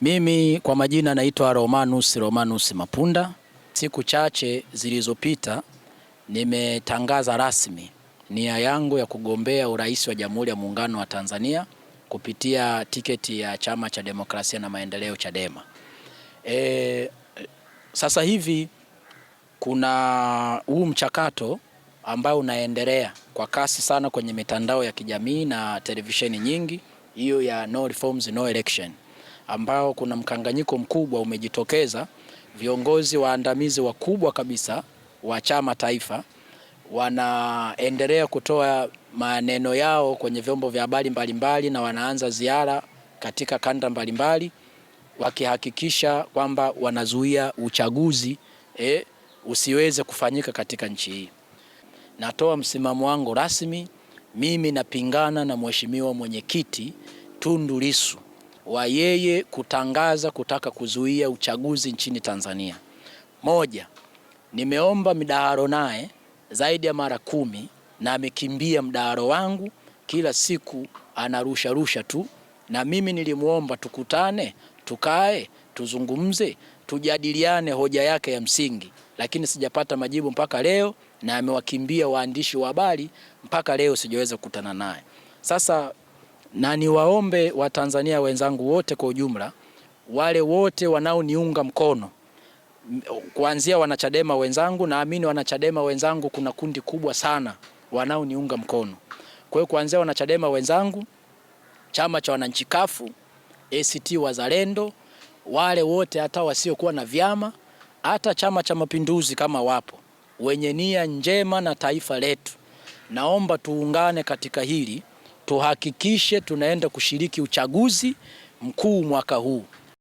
Mimi kwa majina naitwa Romanus Romanus Mapunda. Siku chache zilizopita nimetangaza rasmi nia yangu ya kugombea urais wa Jamhuri ya Muungano wa Tanzania kupitia tiketi ya Chama cha Demokrasia na Maendeleo Chadema. E, sasa hivi kuna huu mchakato ambao unaendelea kwa kasi sana kwenye mitandao ya kijamii na televisheni nyingi, hiyo ya no reforms, no election ambao kuna mkanganyiko mkubwa umejitokeza. Viongozi waandamizi wakubwa kabisa wa chama taifa wanaendelea kutoa maneno yao kwenye vyombo vya habari mbalimbali, na wanaanza ziara katika kanda mbalimbali wakihakikisha kwamba wanazuia uchaguzi eh, usiweze kufanyika katika nchi hii. Natoa msimamo wangu rasmi, mimi napingana na mheshimiwa mwenyekiti Tundu Lissu wa yeye kutangaza kutaka kuzuia uchaguzi nchini Tanzania. Moja, nimeomba midaharo naye zaidi ya mara kumi na amekimbia mdaharo wangu, kila siku anarusha rusha tu, na mimi nilimwomba tukutane, tukae, tuzungumze, tujadiliane hoja yake ya msingi, lakini sijapata majibu mpaka leo, na amewakimbia waandishi wa habari mpaka leo, sijaweza kukutana naye. Sasa na niwaombe Watanzania wenzangu wote kwa ujumla, wale wote wanaoniunga mkono kuanzia wanachadema wenzangu, naamini wanachadema wenzangu kuna kundi kubwa sana wanaoniunga mkono. Kwa hiyo kuanzia wanachadema wenzangu, chama cha wananchi kafu, ACT Wazalendo, wale wote hata wasiokuwa na vyama, hata chama cha mapinduzi kama wapo, wenye nia njema na taifa letu, naomba tuungane katika hili tuhakikishe tunaenda kushiriki uchaguzi mkuu mwaka huu.